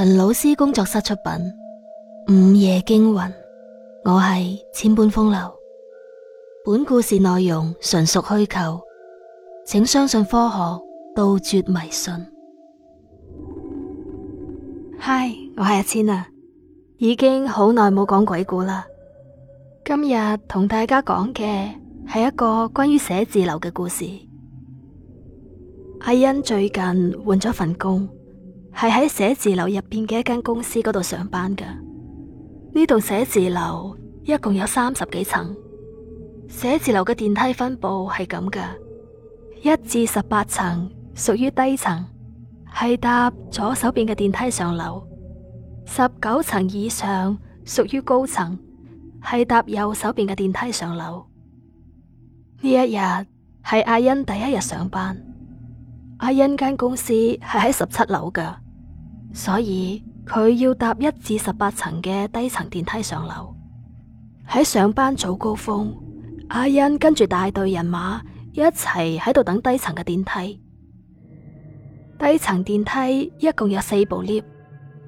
陳老師工作室出品《午夜驚魂》，我係千般風流。本故事內容純屬虛構，請相信科學，杜絕迷信。嗨，我係阿千啊，已經好耐冇講鬼故啦。今日同大家講嘅係一個關於寫字樓嘅故事。阿欣最近換咗份工。係喺寫字樓入邊嘅一間公司嗰度上班㗎。呢度寫字樓一共有三十幾層。寫字樓嘅電梯分布係咁㗎：一至十八層屬於低層，係搭左手邊嘅電梯上樓；十九層以上屬於高層，係搭右手邊嘅電梯上樓。呢一日係阿欣第一日上班。阿欣間公司係喺十七樓嘅，所以佢要搭一至十八層嘅低層電梯上樓。喺上班早高峰，阿欣跟住大隊人馬一齊喺度等低層嘅電梯。低層電梯一共有四部 lift，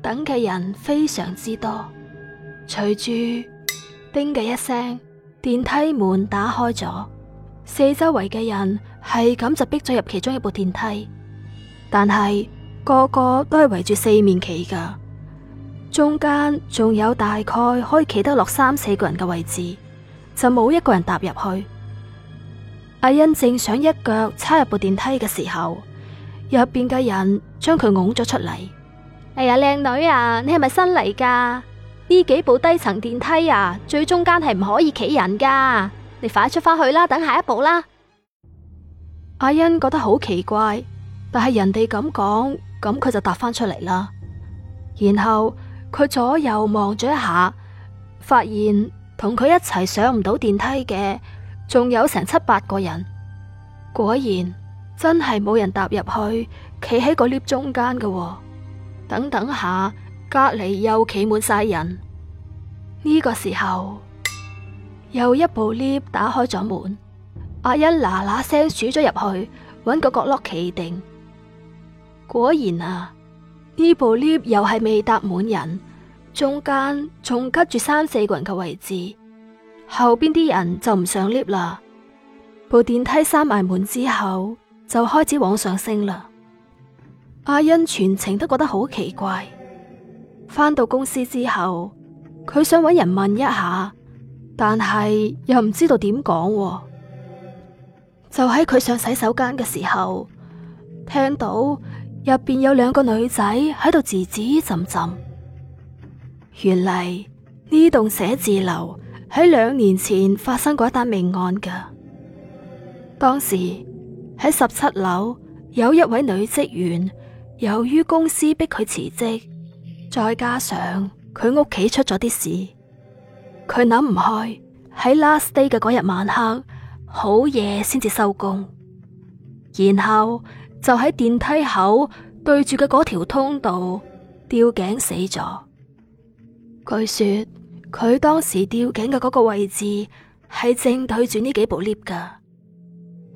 等嘅人非常之多。隨住叮嘅一聲，電梯門打開咗，四周圍嘅人。係咁就逼咗入其中一部電梯，但係個個都係圍住四面企噶，中間仲有大概可以企得落三四個人嘅位置，就冇一個人踏入去。阿欣正想一腳插入部電梯嘅時候，入邊嘅人將佢拱咗出嚟。哎呀，靚女啊，你係咪新嚟噶？呢幾部低層電梯啊，最中間係唔可以企人噶，你快出翻去啦，等下一部啦。阿欣覺得好奇怪，但係人哋咁講，咁佢就答翻出嚟啦。然後佢左右望咗一下，發現同佢一齊上唔到電梯嘅，仲有成七八個人。果然真係冇人踏入去，企喺個 lift 中間嘅、哦。等等下，隔籬又企滿晒人。呢、呢個時候，又一部 lift 打開咗門。阿欣嗱嗱聲鼠咗入去，揾個角落企定。果然啊，呢部 lift 又係未搭滿人，中間仲隔住三四個人嘅位置，後邊啲人就唔上 lift 啦。部電梯閂埋門之後，就開始往上升啦。阿欣全程都覺得好奇怪。返到公司之後，佢想揾人問一下，但係又唔知道點講啊。就喺佢上洗手間嘅時候，聽到入邊有兩個女仔喺度吱吱浸浸。原嚟呢棟寫字樓喺兩年前發生過一單命案嘅。當時喺十七樓有一位女職員，由於公司逼佢辭職，再加上佢屋企出咗啲事，佢諗唔開，喺 last day 嘅嗰日晚黑。好夜先至收工，然後就喺電梯口對住嘅嗰條通道吊頸死咗。據說佢當時吊頸嘅嗰個位置係正對住呢幾部 lift 噶。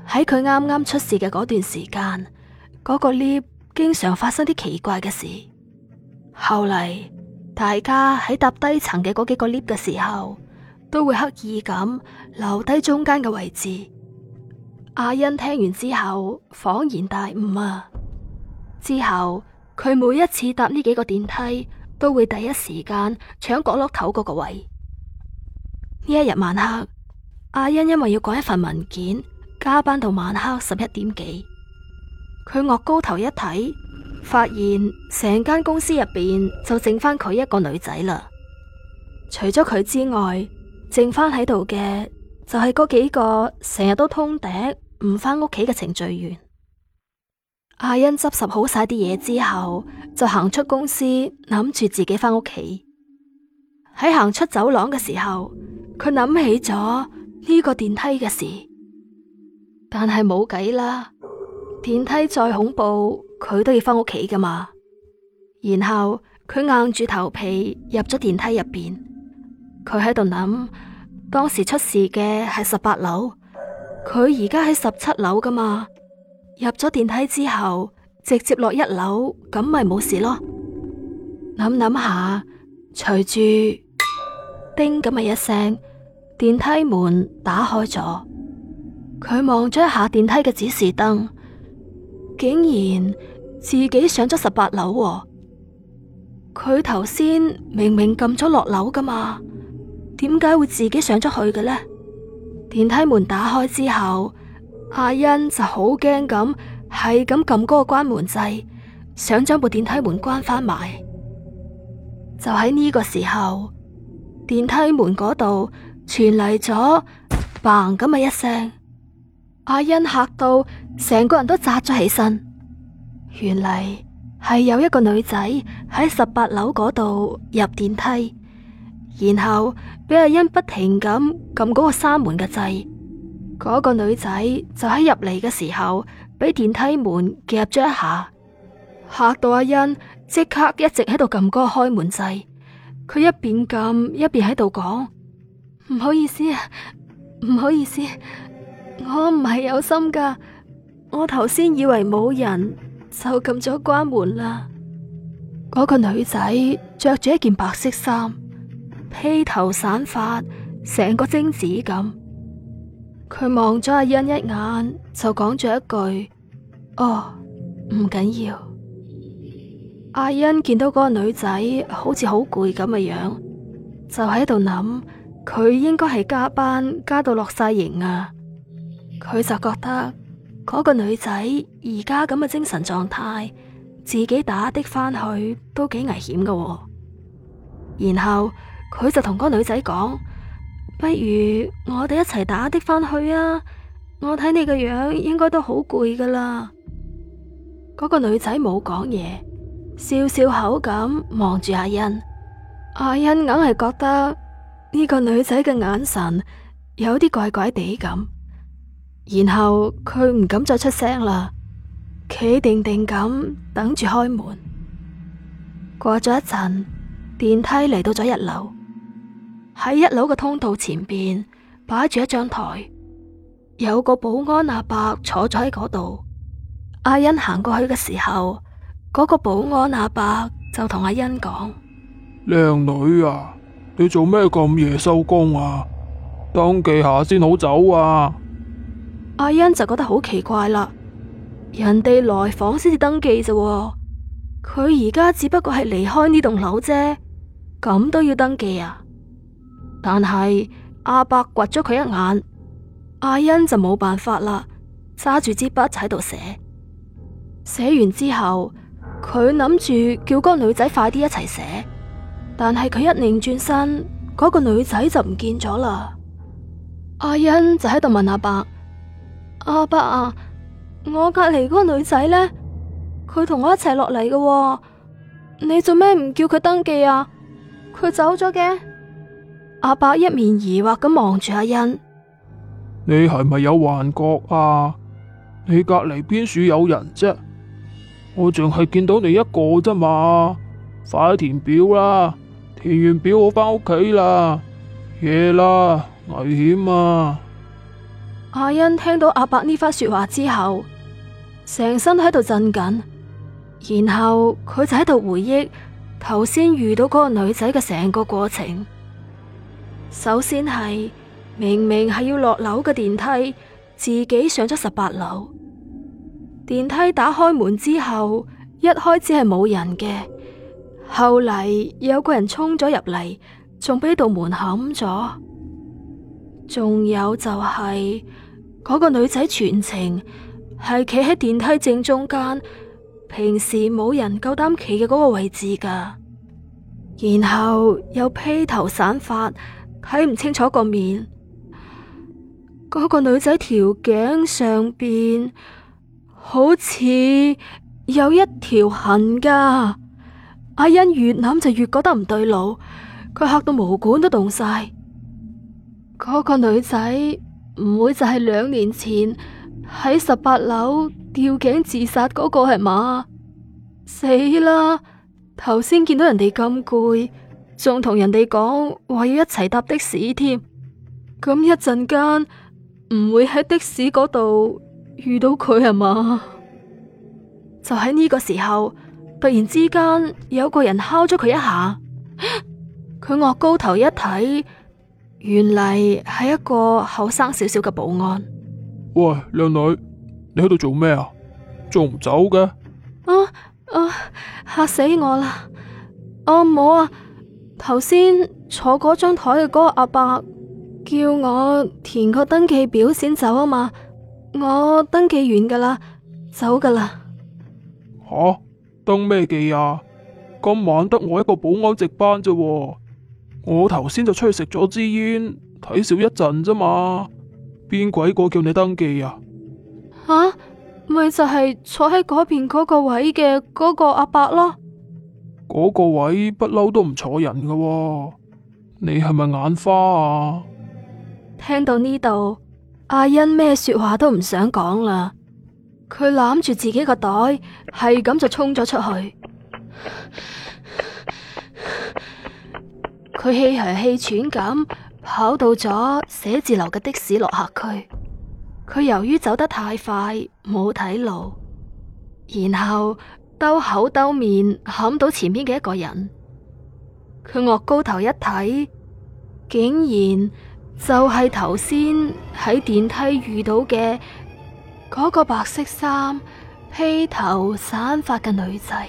喺佢啱啱出事嘅嗰段時間，嗰、嗰個 lift 經常發生啲奇怪嘅事。後嚟大家喺搭低層嘅嗰幾個 lift 嘅時候，都會刻意咁留低中間嘅位置。阿欣聽完之後恍然大悟啊！之後佢每一次搭呢幾個電梯，都會第一時間搶角落頭嗰個位。呢一日晚黑，阿欣因為要趕一份文件，加班到晚黑十一點幾。佢惡高頭一睇，發現成間公司入邊就剩翻佢一個女仔啦。除咗佢之外，剩翻喺度嘅就係嗰幾個成日都通頂唔返屋企嘅程序員。阿欣執拾好晒啲嘢之後，就行出公司，諗住自己返屋企。喺行出走廊嘅時候，佢諗起咗呢個電梯嘅事，但係冇計啦，電梯再恐怖，佢都要返屋企噶嘛。然後佢硬住頭皮入咗電梯入邊。佢喺度諗，當時出事嘅係十八樓，佢而家喺十七樓噶嘛？入咗電梯之後，直接落一樓，咁咪冇事咯。諗諗下，隨住叮咁咪一聲，電梯門打開咗。佢望咗一下電梯嘅指示燈，竟然自己上咗十八樓喎。佢頭先明明撳咗落樓噶嘛？點解會自己上咗去嘅呢？電梯門打開之後，阿欣就好驚咁，係咁撳嗰個關門掣，想將部電梯門關翻埋。就喺呢個時候，電梯門嗰度傳嚟咗嘭咁嘅一聲，阿欣嚇到成個人都扎咗起身。原嚟係有一個女仔喺十八樓嗰度入電梯，然後。俾阿欣不停咁撳嗰個閂門嘅掣，嗰、嗰個女仔就喺入嚟嘅時候，俾電梯門夾咗一下，嚇到阿欣即刻一直喺度撳嗰個開門掣。佢一邊撳一邊喺度講：唔好意思啊，唔好意思，我唔係有心噶，我頭先以為冇人，就撳咗關門啦。嗰個女仔着住一件白色衫。披頭散髮，成個貞子咁。佢望咗阿欣一眼，就講咗一句：哦，唔緊要。阿欣見到嗰個女仔好似好攰咁嘅樣，就喺度諗佢應該係加班加到落晒營啊。佢就覺得嗰、那個女仔而家咁嘅精神狀態，自己打的翻去都幾危險噶、哦。然後。佢就同個女仔講：不如我哋一齊打的翻去啊！我睇你個樣應該，應該都好攰噶啦。嗰個女仔冇講嘢，笑笑口咁望住阿欣。阿欣硬係覺得呢個女仔嘅眼神有啲怪怪地咁，然後佢唔敢再出聲啦，企定定咁等住開門。過咗一陣。電梯嚟到咗一樓，喺一樓嘅通道前邊擺住一張台，有個保安阿伯坐咗喺嗰度。阿欣行過去嘅時候，嗰個保安阿伯就同阿欣講：靚女啊，你做咩咁夜收工啊？登記下先好走啊！阿欣就覺得好奇怪啦，人哋來訪先至登記咋，佢而家只不過係離開呢棟樓啫。咁都要登記啊！但係阿伯刮咗佢一眼，阿欣就冇辦法啦，揸住支筆喺度寫。寫完之後，佢諗住叫嗰個女仔快啲一齊寫，但係佢一擰轉身，嗰個女仔就唔見咗啦。阿欣就喺度問阿伯：阿伯啊，我隔籬嗰個女仔呢？佢同我一齊落嚟嘅，你做咩唔叫佢登記啊？佢走咗嘅？阿伯一面疑惑咁望住阿欣，你係咪有幻覺啊？你隔籬邊處有人啫？我淨係見到你一個啫嘛，快填表啦，填完表我翻屋企啦，夜啦，危險啊！阿欣聽到阿伯呢番說話之後，成身喺度震緊，然後佢就喺度回憶。頭先遇到嗰個女仔嘅成個過程，首先係明明係要落樓嘅電梯，自己上咗十八樓，電梯打開門之後，一開始係冇人嘅，後嚟有個人衝咗入嚟，仲俾道門冚咗，仲有就係嗰個女仔全程係企喺電梯正中間。平時冇人夠膽企嘅嗰個位置噶然後又披頭散髮睇唔清楚個面，嗰、那個女仔條頸上邊好似有一條痕噶。阿欣越諗就越覺得唔對路，佢嚇到毛管都凍晒。嗰、那個女仔唔會就係兩年前。喺十八樓吊頸自殺嗰個係嘛？死啦！頭先見到人哋咁攰，仲同人哋講話要一齊搭的士添。咁一陣間唔會喺的士嗰度遇到佢係嘛？就喺呢個時候，突然之間有個人敲咗佢一下。佢昂高頭一睇，原嚟係一個後生少少嘅保安。喂，靚女，你喺度做咩啊？仲唔走嘅？啊啊！嚇死我啦！我冇啊！頭先坐嗰張台嘅嗰個阿伯叫我填個登記表先走啊嘛，我登記完噶啦，走噶啦。吓、啊，登咩記啊？今晚得我一個保安值班啫，我頭先就出去食咗支煙，睇少一陣啫嘛。邊鬼個叫你登記啊？啊，咪就係坐喺嗰邊嗰個位嘅嗰個阿伯咯。嗰個位不嬲都唔坐人噶喎，你係咪眼花啊？聽到呢度，阿欣咩說話都唔想講啦。佢攬住自己個袋，係咁就衝咗出去。佢氣係氣喘咁。跑到咗寫字樓嘅的、的士落客區，佢由於走得太快冇睇路，然後兜口兜面冚到前面嘅一個人。佢惡高頭一睇，竟然就係頭先喺電梯遇到嘅嗰個白色衫披頭散髮嘅女仔。